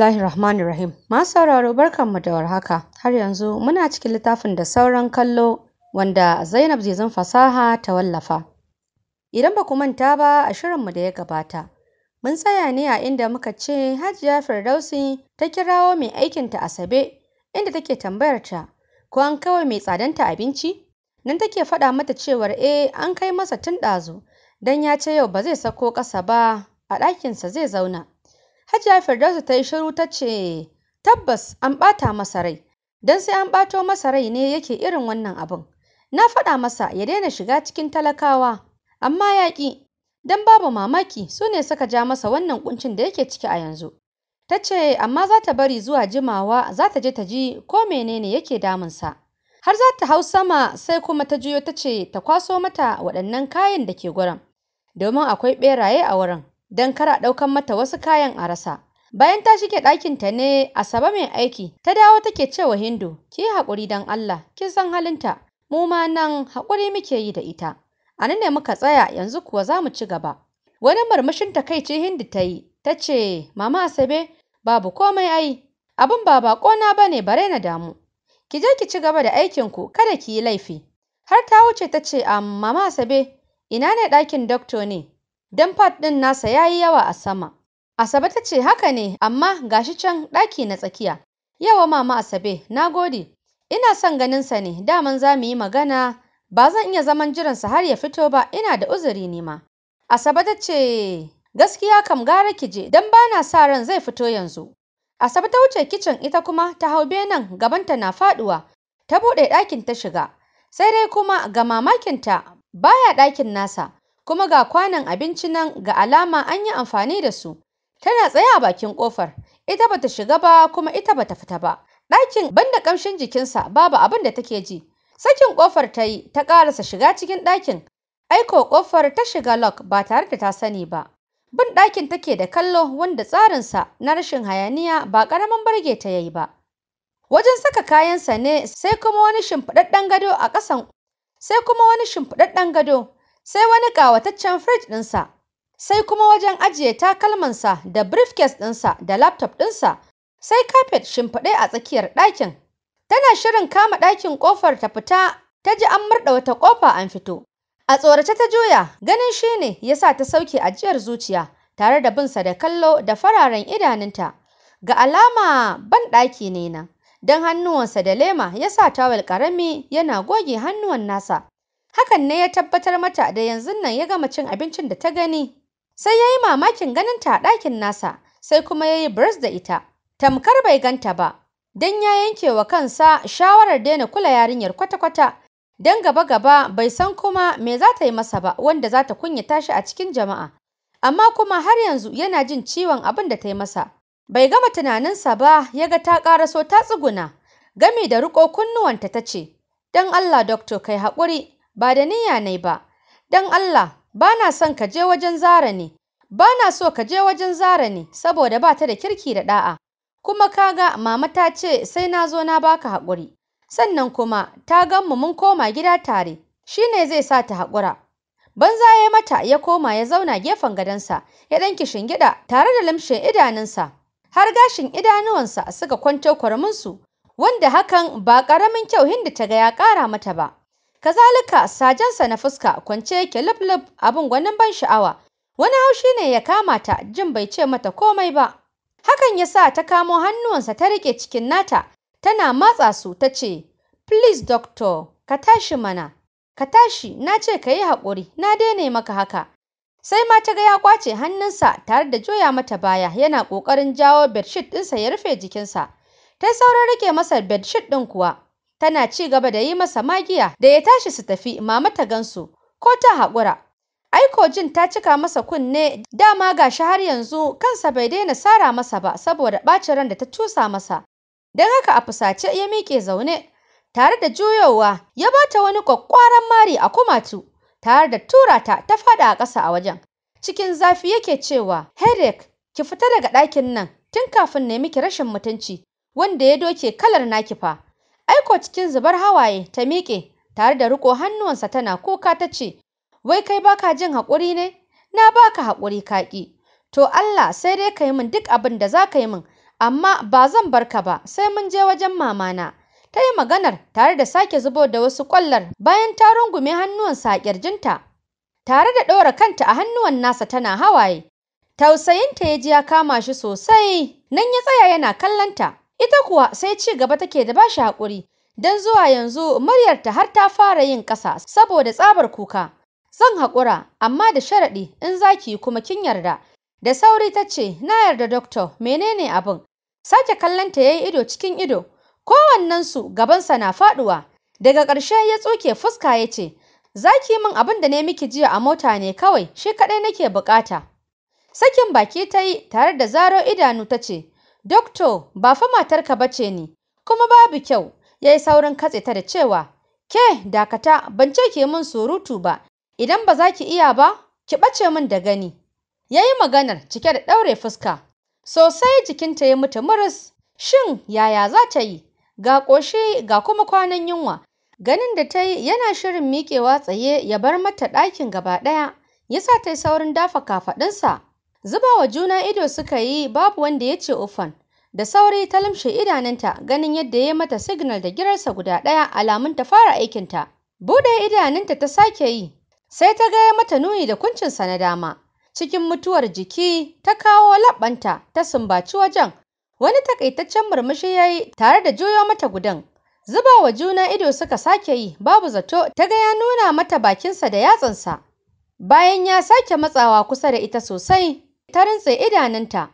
Bismillahir Rahmanir Rahim. Masu sauraro barkanmu da warhaka. Har yanzu muna cikin littafin da sauran kallo wanda Zainab zan fasaha ta wallafa. Idan ba ku manta ba a shirinmu da ya gabata. Mun tsaya ne a inda muka ce Hajiya Firdausi ta kirawo mai aikinta Asabe inda take tambayar ta ko an kawai mai tsadanta abinci? Nan take faɗa mata cewar eh an kai masa tun ɗazu don ya ce yau ba zai sako ƙasa ba a ɗakinsa zai zauna. Hajiya Firdausu ta yi shiru ta ce, tabbas an ɓata masa rai, don sai an ɓato masa rai ne yake irin wannan abin. Na faɗa masa ya daina shiga cikin talakawa, amma ya ƙi, don babu mamaki su ne suka ja masa wannan ƙuncin da yake ciki a yanzu. Ta ce, amma za ta bari zuwa jimawa za ta je ta ji ko menene yake damunsa. Har za ta hau sama sai kuma ta juyo ta ce ta kwaso mata waɗannan kayan da ke gurin, domin akwai ɓeraye a wurin. don kar a ɗaukan mata wasu kayan a rasa. Bayan ta shige ɗakinta ne Asabe mai aiki ta dawo take ce wa Hindu ki yi haƙuri don Allah kin san halinta mu ma nan haƙuri muke yi da ita. A nan ne muka tsaya yanzu kuwa za mu ci gaba. Wani murmushin takaici Hindu ta yi ta ce mama Asabe babu komai ai abin ba baƙona ba ne bare na damu. Ki je ki ci gaba da aikinku kada ki yi laifi. Har ta wuce ta ce mama Asabe ina ne ɗakin dokto ne don pad ɗin nasa ya yi yawa a sama. Asabe ta ce haka ne amma ga shi can ɗaki na tsakiya. Yawa mama Asabe na gode ina son ganin sa ne daman za mu yi magana ba zan iya zaman jiransa har ya fito ba ina da uzuri ne ma. Asabe ta ce gaskiya kam gara ki je don bana sa ran zai fito yanzu. Asabe ta wuce kicin ita kuma ta hau benen gabanta na faɗuwa ta buɗe ɗakin ta shiga sai dai kuma ga mamakinta baya ɗakin nasa. kuma ga kwanon abinci nan ga alama an yi amfani da su. Tana tsaye a bakin ƙofar, ita ba ta shiga ba kuma ita ba ta fita ba. Ɗakin banda ƙamshin jikinsa babu abin da take ji. Sakin ƙofar ta yi ta ƙarasa shiga cikin ɗakin. Aiko ƙofar ta shiga lock ba tare da ta sani ba. Bin ɗakin take da kallo wanda tsarinsa na rashin hayaniya ba ƙaramin burge ta yayi ba. Wajen saka kayansa ne sai kuma wani shimfiɗaɗɗen gado a ƙasan sai kuma wani shimfiɗaɗɗen gado sai wani ƙawataccen firij ɗinsa, sai kuma wajen ajiye takalmansa da briefcase ɗinsa da laptop ɗinsa, sai kafet shimfiɗe a tsakiyar ɗakin. Tana shirin kama ɗakin ƙofar ta fita, ta ji an murɗa wata ƙofa an fito. A tsorace ta juya, ganin shi ne ya sa ta sauke ajiyar zuciya, tare da binsa da kallo da fararen idanunta. Ga alama ban ɗaki ne nan, don hannuwansa da lema ya sa tawul ƙarami yana goge hannuwan nasa. Hakan ne ya tabbatar mata da yanzun nan ya gama cin abincin da ta gani. Sai ya yi mamakin ganin ta a ɗakin nasa, sai kuma ya yi da ita. Tamkar bai ganta ba, don ya yanke wa kansa shawarar daina kula yarinyar kwata-kwata. Don gaba-gaba bai san kuma me za ta yi masa ba wanda za ta kunyata shi a cikin jama'a. Amma kuma har yanzu yana jin ciwon abin da ta yi masa. Bai gama tunaninsa ba ya ga ta ƙaraso ta tsuguna. Gami da riƙo kunnuwanta ta ce, Don Allah, Dokto, kai haƙuri, ba da niyya na ba. Don Allah ba na son ka je wajen Zara ne, ba na so ka je wajen Zara ne saboda ba ta da kirki da ɗa'a. Kuma kaga mama ta ce sai na zo na baka haƙuri. Sannan kuma ta gan mu mun koma gida tare, shi ne zai sa ta haƙura. Banza ya mata ya koma ya zauna gefen gadonsa, ya ɗan kishingiɗa tare da lamshe idanunsa. Har gashin idanuwansa suka kwanto su wanda hakan ba ƙaramin kyau Hindu ta ga ya ƙara mata ba. Kazalika sajansa na fuska kwance yake lub abin gwanin ban sha'awa. Wani haushi ne ya kama ta jin bai ce mata komai ba. Hakan ya sa ta kamo hannuwansa ta riƙe cikin nata tana matsa su ta ce, Please doctor, ka tashi mana, ka tashi na ce ka yi haƙuri na daina maka haka. Sai ma ta ga ya ƙwace hannunsa tare da juya mata baya yana ƙoƙarin jawo bedsheet ɗinsa ya rufe jikinsa. Ta yi saurin riƙe masa bedsheet ɗin kuwa tana ci gaba da yi masa magiya da ya tashi su tafi mama ta gansu ko ta haƙura aiko jin ta cika masa kunne dama shi har yanzu kansa bai daina sara masa ba saboda ɓacin ran da ta cusa masa don haka a fusace ya miƙe zaune tare da juyowa ya ba ta wani ƙwaƙƙwaran mari a kumatu tare da tura ta ta faɗa a ƙasa a wajen cikin zafi yake cewa Herrick, ki fita daga ɗakin nan tun kafin na miki rashin mutunci wanda ya doke kalar naki fa Aiko cikin zubar hawaye ta miƙe tare da riƙo hannuwansa tana kuka ta ce, Wai kai baka jin haƙuri ne? Na baka haƙuri ka To Allah sai dai ka yi min duk abin da za ka yi min, amma ba zan bar ka ba sai mun je wajen mamana. Ta yi maganar tare da sake zubo da wasu ƙwallar bayan ta rungume hannuwansa a ƙirjinta. Tare da ɗora kanta a hannuwan nasa tana hawaye. Tausayinta ya ji ya kama shi sosai, nan ya tsaya yana kallonta. Ita kuwa sai ci gaba take da bashi haƙuri, don zuwa yanzu muryarta har ta fara yin ƙasa saboda tsabar kuka. Zan haƙura, amma da sharaɗi in zaki kuma kin yarda. Da sauri ta ce, na yarda doctor, menene abin? Sake kallonta ya yi ido cikin ido, kowannensu gabansa na faɗuwa. Daga ƙarshe ya tsuke fuska ya ce, za min abin da na miki jiya a mota ne kawai, shi kaɗai nake buƙata. Sakin baki ta yi tare da zaro idanu ta ce, Doctor ba fa matarka ba ce ni, kuma babu kyau, ya yi saurin katse ta da cewa, Ke dakata ban ce ki min surutu ba, idan ba za ki iya ba, ki ɓace min da gani. Ya yi maganar cike da ɗaure fuska, sosai jikinta ya mutu murus. shin yaya za ta yi? Ga ƙoshi ga kuma kwanan yunwa, ganin da ta yi yana shirin miƙewa tsaye ya bar mata ɗakin gaba ɗaya, ya sa ta yi saurin dafa kafaɗunsa Zuba wa juna ido suka yi babu wanda ya ce ufan. Da sauri ta limshe idanunta ganin yadda ya mata signal da girarsa guda ɗaya alamun ta fara aikinta. Buɗe idanunta ta sake yi sai ta ga ya mata nuni da kuncinsa na dama. Cikin mutuwar jiki ta kawo laɓanta ta sumbaci wajen. Wani taƙaitaccen murmushi ya yi tare da juyo mata gudan. Zuba wa juna ido suka sake yi babu zato ta ga ya nuna mata bakinsa da yatsansa. Bayan ya sake matsawa kusa da ita sosai ta rintse idanunta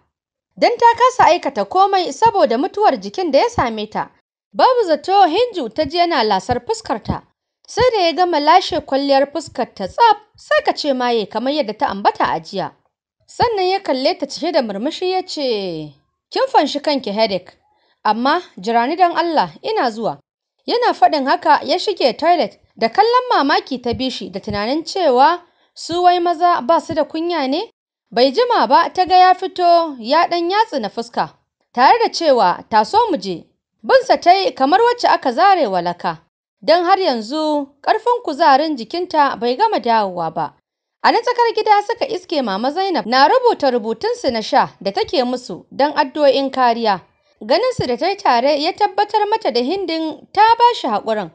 don ta kasa aikata komai saboda mutuwar jikin da ya same ta. Babu zato Hinju ta ji yana lasar fuskarta, sai da ya gama lashe kwalliyar fuskar ta tsaf sai ka ce maye kamar yadda ta ambata a jiya. Sannan ya kalle ta cike da murmushi ya ce, Kin fanshi kanki headache, amma jira ni don Allah ina zuwa. Yana faɗin haka ya shige toilet da kallon mamaki ta bishi da tunanin cewa su wai maza ba su da kunya ne? Bai jima ba ta ga ya fito ya ɗan na fuska tare da cewa taso mu je. Binsa ta kamar wacce aka zare wa laka don har yanzu karfin kuzarin jikinta bai gama dawowa ba. A na tsakar gida suka iske Mama Zainab na rubuta rubutunsu na sha da take musu dan addu'o'in kariya. Ganin su da ta tare ya tabbatar mata da hindin ta ba shi haƙurin.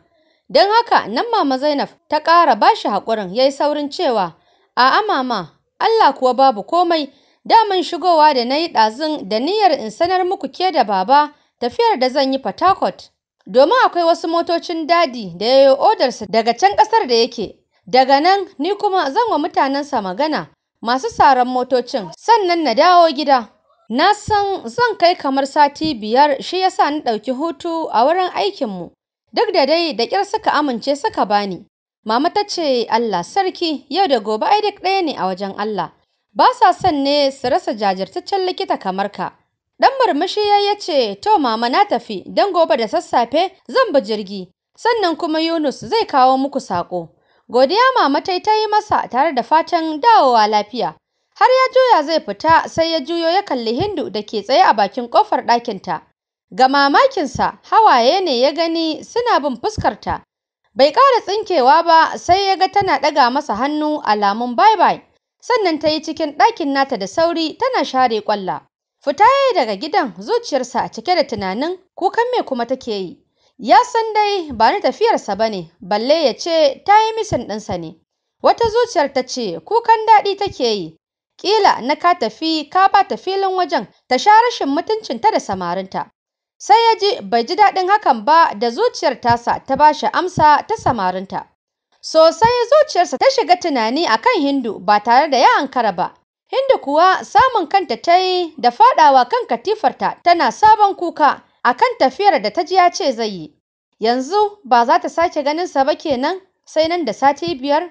Don haka nan Mama Zainab ta ƙara ba shi haƙurin yayi saurin cewa, A'a mama, Allah kuwa babu komai daman shigowa da nayi ɗazun da niyyar in sanar muku ke da baba tafiyar da zan yi Port domin akwai wasu motocin dadi da ya yi odarsa daga can ƙasar da yake daga nan ni kuma zan wa mutanensa magana masu saran motocin sannan na dawo gida na san zan kai kamar sati biyar shi yasa na ɗauki hutu a wurin aikinmu duk da dai da ƙyar suka amince suka bani Mama ta ce Allah sarki yau da gobe ai duk ɗaya ne a wajen Allah. Ba sa son ne su rasa jajirtaccen likita kamar ka. Ɗan murmushi ya ce to mama na tafi don gobe da sassafe zan bi jirgi sannan kuma Yunus zai kawo muku saƙo. Godiya mama ta ta yi masa tare da fatan dawowa lafiya. Har ya juya zai fita sai ya juyo ya kalli Hindu da ke tsaye a bakin ƙofar ɗakinta. Ga mamakinsa hawaye ne ya gani suna bin fuskarta. Bai ƙara tsinkewa ba sai ya ga tana ɗaga masa hannu alamun bye-bye. Sannan ta yi cikin ɗakin nata da sauri tana share ƙwalla. Fita ya yi daga gidan zuciyarsa a cike da tunanin kukan me kuma take yi. Ya san dai ba na tafiyarsa ba ne, balle ya ce ta yi misin ɗinsa ne. Wata zuciyar ta ce kukan daɗi take yi, ƙila na ka tafi ka ba ta filin wajen ta sha rashin mutuncinta da samarinta. sai ya ji bai ji daɗin hakan ba da zuciyar tasa ta ba shi amsa ta samarinta. Sosai zuciyarsa ta shiga tunani a kan Hindu ba tare da ya ankara ba. Hindu kuwa samun kanta ta yi da faɗawa kan katifarta tana sabon kuka a kan tafiyar da ta ji ya ce zai yi. Yanzu ba za ta sake ganinsa ba kenan sai nan da sati biyar?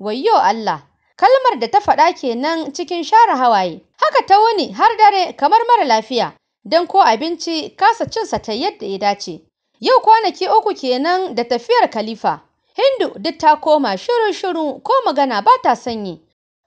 Wayyo Allah! Kalmar da ta faɗa kenan cikin share hawaye. Haka ta wuni har dare kamar mara lafiya. don ko abinci kasa cinsa ta yadda ya dace. Yau kwanaki uku kenan da tafiyar Khalifa, Hindu duk ta koma shiru-shiru ko magana ba ta son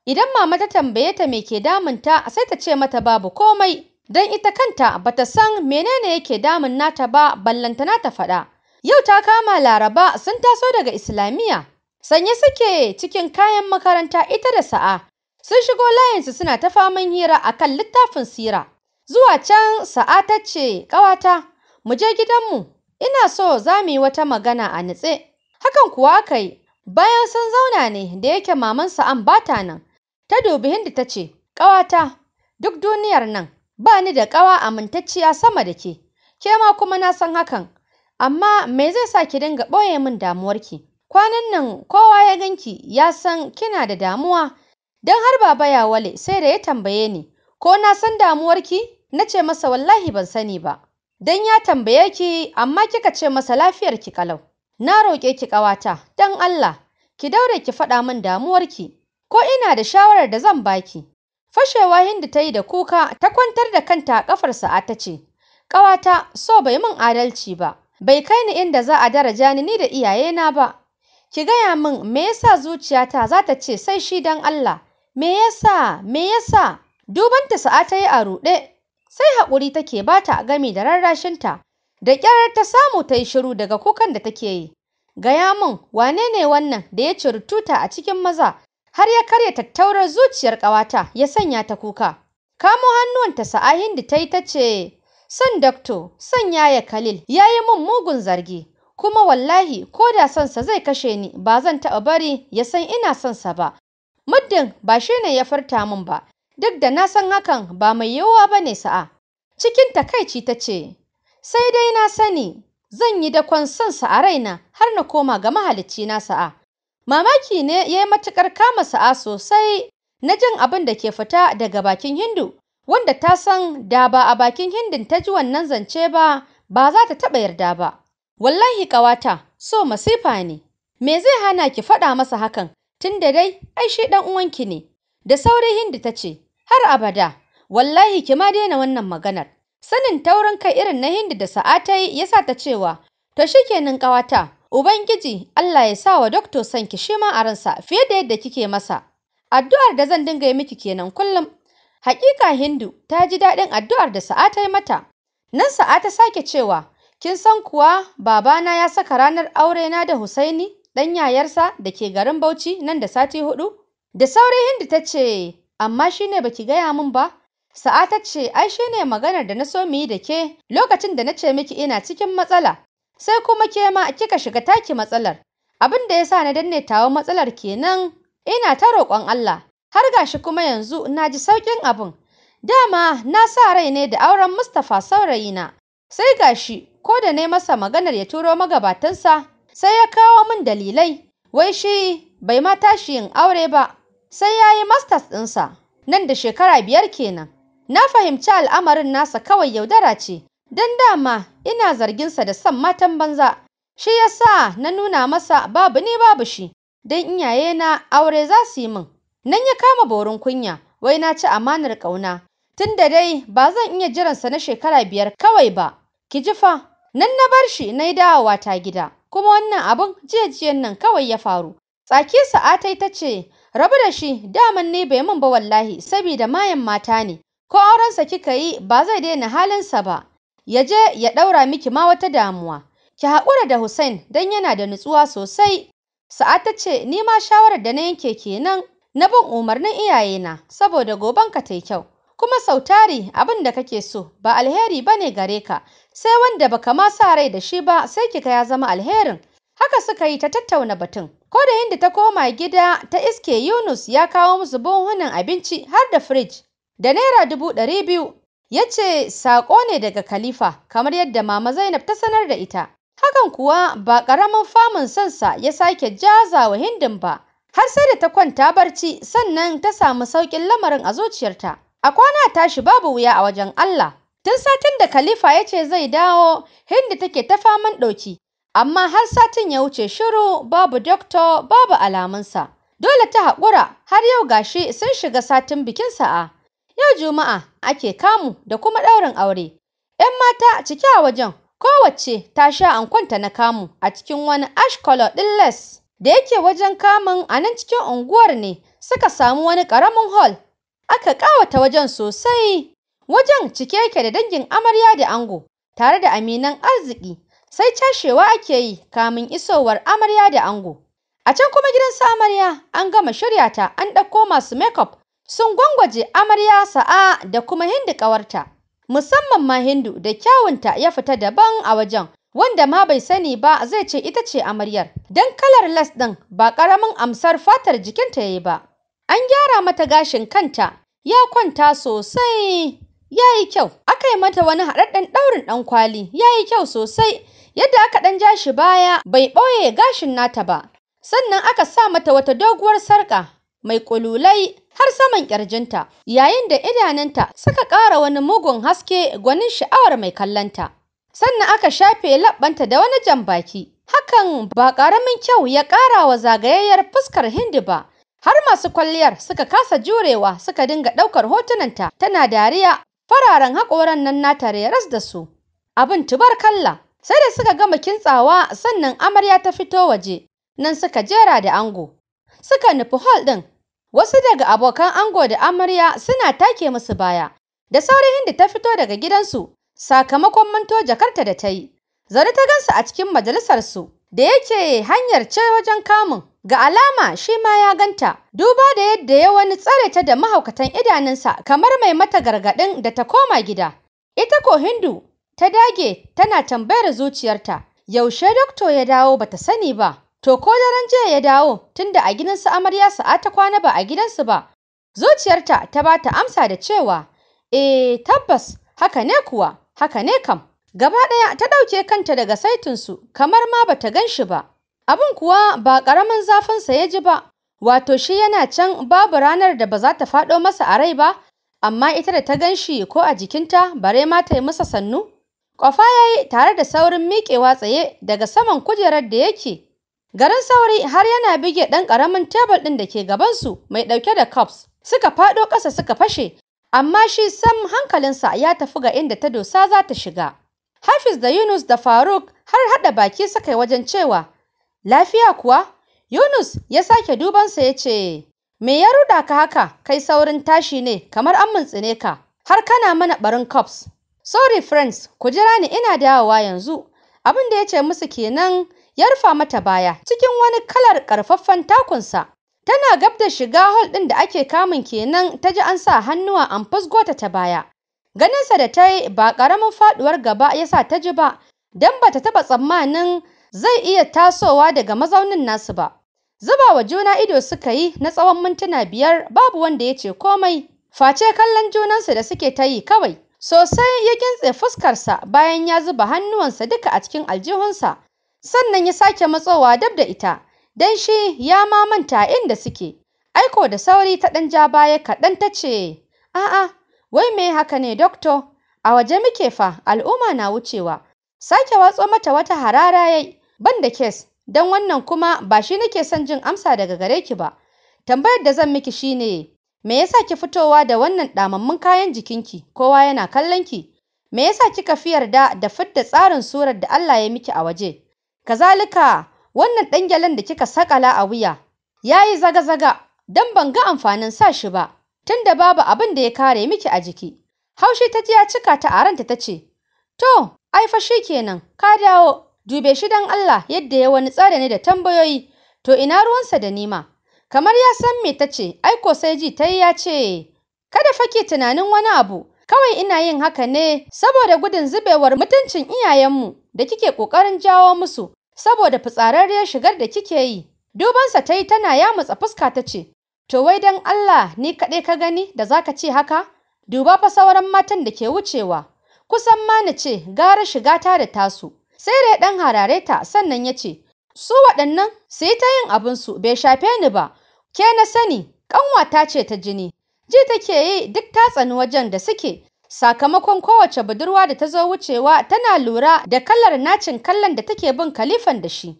Idan mama ta tambaye ta me ke ta sai ta ce mata babu komai, don ita kanta ba ta san menene yake damun nata ba ballantana ta faɗa. Yau ta kama Laraba sun taso daga Islamiyya, sanye suke cikin kayan makaranta ita da sa'a, sun shigo layinsu suna ta faman hira akan littafin sira. Zuwa can Sa'a ta ce, ƙawata, mu je gidanmu, ina so za mu yi wata magana a natse. Hakan kuwa aka yi, bayan sun zauna ne da yake maman Sa'an ba ta nan, ta dubi Hindu ta ce, ƙawata, duk duniyar nan ba ni da ƙawa amintacciya sama da ke, ke ma kuma na san hakan, amma me zai sa ki dinga ɓoye min damuwar ki? Kwanan nan kowa ya ganki ya san kina da damuwa, don har Baba ya wale, sai da ya tambaye ni, ko na san damuwar ki? Na ce masa wallahi ban sani ba. Dan ya tambaye ki amma kika ce masa lafiyar ki kalau. Na roƙe ki ƙawata dan Allah ki daure ki faɗa min damuwarki ko ina da shawarar da zan baki. Fashewa Hindu ta yi da kuka ta kwantar da kanta a ƙafar sa'a ta ce, Ƙawata so bai min adalci ba, bai kai ni inda za a daraja ni ni da iyayena ba. Ki gaya min me yasa zuciyata za ta ce sai shi don Allah, me yasa, me yasa? Dubanta sa'a ta yi a ruɗe, sai haƙuri take ba ta a gami da rarrashinta da ƙyar ta samu ta yi shiru daga kukan da take yi gaya min wane ne wannan da ya ciri tuta a cikin maza har ya karya tattaurar zuciyar ƙawata ya sanya ta kuka kamo hannuwanta sa'a hindi ta yi ta ce son Dokto, son yaya khalil ya yi min mugun zargi kuma wallahi ko da sonsa zai kashe ni ba zan taɓa bari ya san ina sonsa ba muddin ba shi ne ya furta min ba duk da na san hakan ba mai yiwuwa ba ne sa'a. Cikin takaici ta ce, sai dai na sani zan yi dakon son sa a raina har na koma ga mahalicci na sa'a. Mamaki ne ya yi matuƙar kama sa'a sosai na jin abin da ke fita daga bakin Hindu, wanda ta san da ba a bakin Hindun ta ji wannan zance ba, ba za ta taɓa yarda ba. Wallahi ƙawata, so masifa ne. Me zai hana ki faɗa masa hakan, tun da dai, ai shi ɗan uwanki ne. Da sauri Hindu ta ce, har abada wallahi ki ma daina wannan maganar sanin taurin kai irin na Hindu da Sa'a ta yi yasa ta cewa to shikenan ƙawata ubangiji Allah ya sa wa doctor son ki shi ma a ransa fiye da yadda kike masa addu'ar da zan dinga yi miki kenan kullum hakika Hindu ta ji daɗin addu'ar da Sa'a ta yi mata nan Sa'a ta sake cewa kin san kuwa babana ya saka ranar aure na da Husaini dan yayarsa da ke garin Bauchi nan da sati huɗu? da saurayin Hindu ta ce amma shi ne baki gaya min ba. Sa'a ta ce, ai shi ne maganar da na so mu yi da ke lokacin da na ce miki ina cikin matsala, sai kuma ke ma kika shiga taki matsalar. Abin da ya sa na danne tawa matsalar kenan ina ta roƙon Allah, har gashi kuma yanzu na ji sauƙin abin. Dama na sa rai ne da auren Mustapha saurayina, sai gashi ko da na masa maganar ya turo magabatansa sai ya kawo min dalilai, wai shi bai ma tashi yin aure ba. sai ya yi masters ɗinsa nan da shekara biyar kenan. Na fahimci al'amarin nasa kawai yaudara ce, don dama ina zarginsa da son matan banza, shi ya sa na nuna masa babu ni babu shi, don na aure za su yi min. Nan ya kama borin kunya, wai na ci amanar ƙauna, tun da dai ba zan iya jiransa na shekara biyar kawai ba, ki ji fa, nan na bar shi na yi dawowa ta gida, kuma wannan abin jiyajiyan nan kawai ya faru. Tsaki sa'atai ta ce, rabu da shi daman ni bai mun ba wallahi saboda mayan mata ne ko aurensa kika yi ba zai daina halinsa ba ya je ya ɗaura miki ma wata damuwa ki haƙura da Hussein dan yana da nutsuwa sosai Sa'a ta ce ni ma shawarar da na yanke kenan na bin umarnin iyaye na saboda goban ka tai kyau kuma sautari abin da kake so ba alheri bane gare ka sai wanda baka ma sa rai da shi ba sai kika ya zama alherin haka suka yi ta tattauna batun Ko da Hindu ta koma gida ta iske Yunus ya kawo musu buhunan abinci har da firij da naira dubu ɗari biyu. Ya ce saƙo ne daga Khalifa kamar yadda Mama Zainab ta sanar da ita. Hakan kuwa ba ƙaramin famun sansa ya sake jazawa Hindun ba. Har sai da ta kwanta barci sannan ta samu sauƙin lamarin a zuciyarta. A kwana tashi babu wuya a wajen Allah. Tun satin da Khalifa ya ce zai dawo, Hindu take ta faman ɗauki, amma har satin ya wuce shiru babu doctor babu alamunsa. Dole ta haƙura har yau gashi sun shiga satin bikin sa'a. Yau Juma'a ake kamu da kuma ɗaurin aure. ‘Yan mata cike a wajen kowacce ta sha ankwanta na kamu a cikin wani ash color ɗin les da yake wajen kamun a nan cikin unguwar ne suka samu wani ƙaramin hall aka ƙawata wajen sosai wajen cike yake da dangin amarya da ango tare da aminan arziki sai cashewa ake yi kamin isowar amarya da ango. A can kuma gidan su amarya an gama shirya ta an ɗauko masu makeup sun gwangwaje amarya sa'a da kuma hindu ƙawarta. Musamman ma hindu da kyawunta ya fita daban a wajen wanda ma bai sani ba zai ce ita ce amaryar. Don kalar las ɗin ba ƙaramin amsar fatar jikinta ya yi ba. An gyara mata gashin kanta ya kwanta sosai ya yi kyau. Aka yi mata wani haɗaɗɗen ɗaurin ɗankwali ya yi kyau sosai yadda aka ɗan ja shi baya bai ɓoye gashin nata ba sannan aka sa mata wata doguwar sarƙa mai ƙululai har saman ƙirjinta yayin da idanunta suka ƙara wani mugun haske gwanin sha'awar mai kallonta sannan aka shafe labbanta da wani jan baki hakan ba ƙaramin kyau ya ƙara wa zagayayyar fuskar hindi ba har masu kwalliyar suka kasa jurewa suka dinga ɗaukar hotunanta tana dariya fararen haƙoran nan nata reras da su abin kalla. Sai da suka gama kintsawa sannan amarya ta fito waje, nan suka jera da ango. Suka nufi hall ɗin, wasu daga abokan ango da amarya suna take musu baya. Da sauri Hindi ta fito daga gidansu sakamakon manto jakarta da ta yi. ta gansu a cikin majalisarsu da yake hanyar ce wajen kamun. Ga alama shi ma ya ganta, duba da yadda ya wani tsare ta da mahaukatan idanunsa kamar mai mata gargadin da ta koma gida. Ita ko Hindu Ta dage tana tambayar zuciyarta, yaushe Dokto ya dawo bata sani ba, to ko daren jiya ya dawo tunda a gidan su amarya Sa'a ta kwana ba a gidansu ba. Zuciyarta ta bata amsa da cewa, eh tabbas haka ne kuwa, haka ne kam. Gaba ɗaya ta ɗauke kanta daga saitinsu kamar ma bata ta gan ba. abun kuwa ba ƙaramin zafinsa ya ji ba, wato shi yana can babu ranar da ba za ta faɗo masa a rai ba, amma ita da ta gan ko a jikinta bare ma ta yi masa sannu. Ƙwafa ya yi tare da saurin miƙewa tsaye daga saman kujerar da yake. Garin sauri har yana bige ɗan ƙaramin tebul ɗin da ke gabansu mai ɗauke da cups. Suka faɗo ƙasa suka fashe, amma shi sam hankalinsa ya tafi ga inda ta dosa za ta shiga. Hafiz da Yunus da Faruk har haɗa baki suka yi wajen cewa, Lafiya kuwa? Yunus ya sake dubansa ya ce, Me ya ruɗa ka haka, kai saurin tashi ne kamar an mintsine ka, har kana mana ɓarin cups. Sorry friends, ku jira ni ina dawowa yanzu. Abin da ya ce musu kenan ya rufa mata baya cikin wani kalar karfaffen takunsa. Tana gab da shiga hol ɗin da ake kamun kenan ta ji an sa hannuwa an fusgota ta baya. Ganinsa da ta yi ba ƙaramin faɗuwar gaba ya sa ta ji ba, don ba ta taɓa tsammanin zai iya tasowa daga mazaunin nasu ba. Zuba wa juna ido suka yi na tsawon mintuna biyar babu wanda ya ce komai, face kallon junansu da suke ta yi kawai. sosai ya kintse fuskarsa bayan ya zuba hannuwansa duka a cikin aljihunsa sannan ya sake matsowa dab da ita don shi ya ma manta inda suke aiko da sauri ta ɗan ja baya kaɗan ta ce a'a wai me haka ne dokto a waje muke fa al'umma na wucewa sake watso mata wata harara yayi ban da kes don wannan kuma ba shi nake son jin amsa daga gare ki ba tambayar da zan miki shine Me yasa ki fitowa da wannan ɗamammun kayan jikinki? Kowa yana kallon ki. Me yasa kika fi yarda da fidda tsarin surar da Allah ya miki a waje? Kazalika wannan ɗan gyalen da kika saƙala a wuya ya yi zaga-zaga don ban ga amfanin sa shi ba tunda babu abin da ya kare miki a jiki. Haushi ta ji ya cika ta a ranta ta ce, To, ai fa shi kenan, ka dawo, dube shi don Allah yadda ya wani tsare ne da tambayoyi, to ina ruwansa da nima. kamar ya san me ta ce, aiko sai ji ta yi ya ce, Kada fa ke tunanin wani abu, kawai ina yin haka ne saboda gudun zubewar mutuncin iyayenmu da kike ƙoƙarin jawo musu, saboda fitsararriyar shigar da kike yi. Dubansa ta yi tana yamutsa fuska ta ce, To wai don Allah ni kaɗai ka gani da za ka ce haka? Duba fa sauran matan da ke wucewa, kusan ma na ce gara shiga ta da tasu. Sai dai ɗan harare ta sannan ya ce, Su waɗannan su yi ta yin abinsu bai shafe ni ba, Ke na sani, ƙanwata ce ta jini, ji take yi duk ta wajen da suke, sakamakon kowace budurwa da ta zo wucewa tana lura da kalar nacin kallon da take bin kalifan da shi.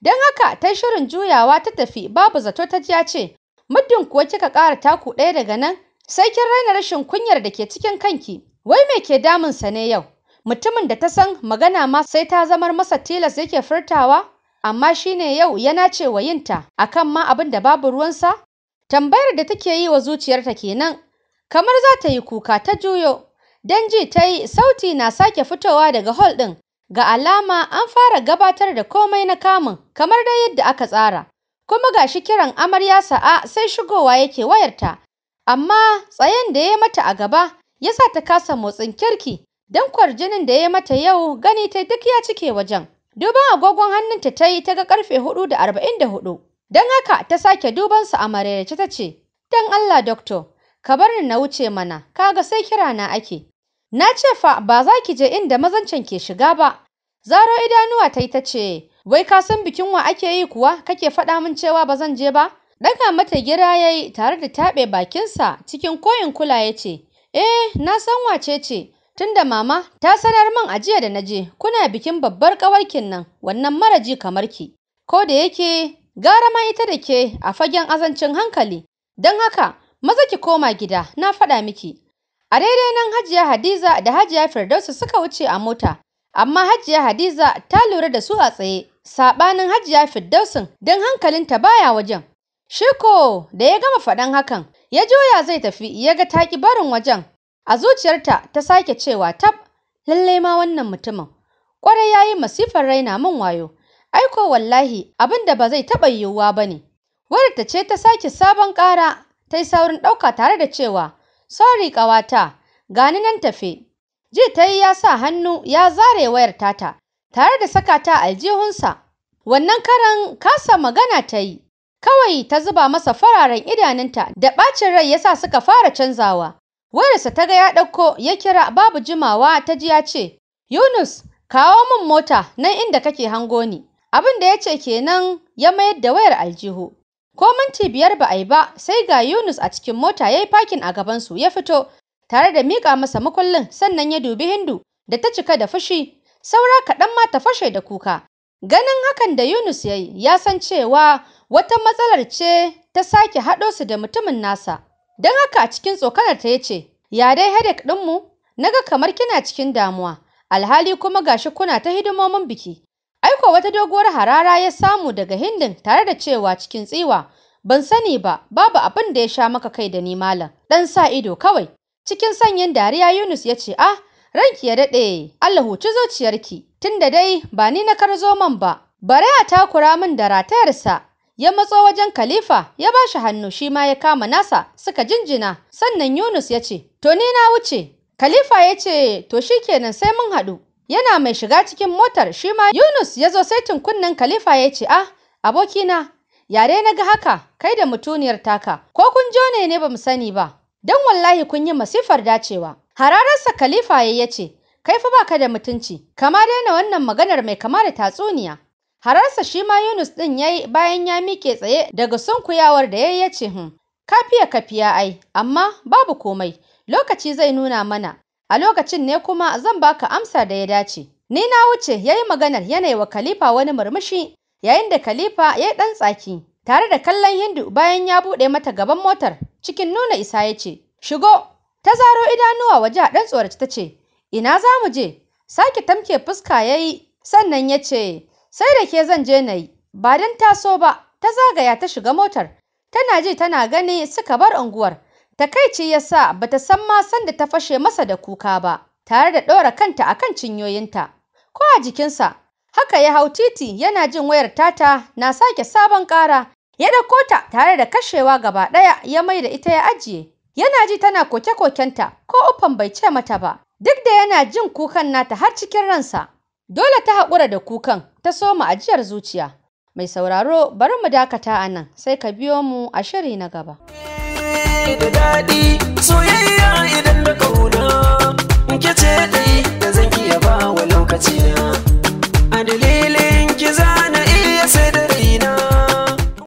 Don haka ta shirin juyawa ta tafi babu zato ta jiya ce, muddin kuwa kika ƙara taku ɗaya daga nan, sai kin raina rashin kunyar da ke cikin kanki, wai me ke damunsa ne yau? Mutumin da ta san magana ma sai ta zamar masa tilas yake furtawa? amma shi ne yau ya nace wa yinta a kan ma abin da babu ruwansa? Tambayar da take yi wa zuciyarta kenan, kamar za ta yi kuka ta juyo, don ji ta yi sauti na sake fitowa daga hol ɗin, ga alama an fara gabatar da komai na kamun kamar dai yadda aka tsara. Kuma ga shi kiran amarya sa'a sai shigowa yake wayarta, amma tsayen da ya mata a gaba ya sa ta kasa motsin kirki don kwarjinin da ya mata yau gani ta duk ya cike wajen. Duban agogon hannunta ta yi ta ga ƙarfe hudu da arba'in da hudu. Don haka ta sake duban su a maraice ta ce, Don Allah doktor, ka bar ni na wuce mana, kaga sai kira na ake. Na ce fa ba za ki je inda mazancan ke shiga ba. Zaro idanuwa ta yi ta ce, Wai ka san bikin wa ake yi kuwa kake faɗa min cewa ba zan je ba? Ɗaga mata gira ya yi tare da taɓe bakinsa cikin koyin kula ya ce, Eh, na san wace ce, da mama ta sanar min a jiya da na naje kuna bikin babbar ƙawarkin nan wannan mara ji kamar ki ko da yake gara ma ita da ke a fagen azancin hankali don haka maza ki koma gida na faɗa miki a daidai nan hajiya hadiza da hajiya firdausu suka wuce a mota amma hajiya hadiza ta lura da su a tsaye saɓanin hajiya firdausun don hankalinta baya wajen shiko da ya gama faɗan hakan ya juya zai tafi ya ga ki barin wajen A zuciyarta ta sake cewa tab lallai ma wannan mutumin ƙwarai ya yi masifar raina min wayo, Aiko wallahi abin da ba zai taɓa yiwuwa ba ne. ta ce ta sake sabon ƙara ta yi saurin ɗauka tare da cewa "Sori ƙawata gani nan tafe. Ji ta yi ya sa hannu ya zare wayar tata tare da saka ta aljihunsa. Wannan karan kasa magana ta yi, kawai ta zuba masa fararen idanunta da ɓacin rai ya sa suka fara canzawa. wayarsa ta ga ya ɗauko ya kira babu jimawa ta ji ya ce Yunus kawo min mota nan inda kake hango ni abin da ya ce kenan ya mayar da wayar aljihu ko minti biyar ba a yi ba sai ga Yunus a cikin mota ya yi fakin a gabansu ya fito tare da miƙa masa makullin sannan ya dubi Hindu da ta cika da fushi saura kaɗan ma ta fashe da kuka ganin hakan da Yunus ya ya san cewa wata matsalar ce ta sake haɗo su da mutumin nasa Don haka a cikin tsokanar ya ce, ya dai headache mu? Na ga kamar kina cikin damuwa, alhali kuma gashi kuna ta hidimomin biki. Aiko wata doguwar harara ya samu daga hindin tare da cewa cikin tsiwa, ban sani ba, babu abin da ya sha maka kai da ni malam, Dan sa ido kawai. Cikin sanyin dariya Yunus ya ce, ah, ranki ya daɗe, Allah huci zuciyarki, tunda dai ba ni na karzo man ba, bari a takura min da ratayarsa ya matso wajen Khalifa ya ba shi hannu shi ma ya kama nasa suka jinjina sannan Yunus ya ce to ni na wuce Khalifa ya ce to shi kenan sai mun haɗu yana mai shiga cikin motar shi ma Yunus ya zo saitin kunnen Khalifa ya ce ah abokina yare na ga haka kai da mutuniyar taka ko kun jone ne ba mu sani ba don wallahi kun yi masifar dacewa hararsa Khalifa ya ce kai fa baka da mutunci kama daina wannan maganar mai kama da tatsuniya Hararsa shi ma Yunus ɗin ya yi bayan ya miƙe tsaye daga sunkuyawar da ya yi ya ce, "Hun, hmm, kafiya kafiya ai, amma babu komai, lokaci zai nuna mana, a lokacin ne kuma zan baka amsa da ya dace." Ni na wuce ya yi maganar yanayi wa Khalifa wani murmushi yayin da Khalifa ya yi ɗan tsaki tare da kallon Hindu bayan ya buɗe mata gaban motar cikin nuna isa ya ce, Shigo, ta zaro idanuwa waje a ɗan tsoraci ta ce, Ina za mu je? Sake tamke fuska ya yi sannan ya ce, sai da ke zan je na yi, ba don so ba, ta zagaya ta shiga motar, tana ji tana gani suka bar unguwar, takaici ya sa ba ta san ma sanda ta fashe masa da kuka ba, tare da ɗora kanta a kan cinyoyinta, ko a jikinsa, haka ya hau titi yana jin wayar tata na sake sabon ƙara, ya ɗauko ta tare da kashewa gaba ɗaya ya mai da ita ya ajiye, yana ji tana koke-kokenta ko uffan bai ce mata ba, duk da yana jin kukan nata har cikin ransa. Dole ta haƙura da kukan, ta soma ajiyar zuciya. Mai sauraro bari mu dakata a nan sai ka biyo mu a shiri na gaba. Da daɗi soyayya idan da ƙauna,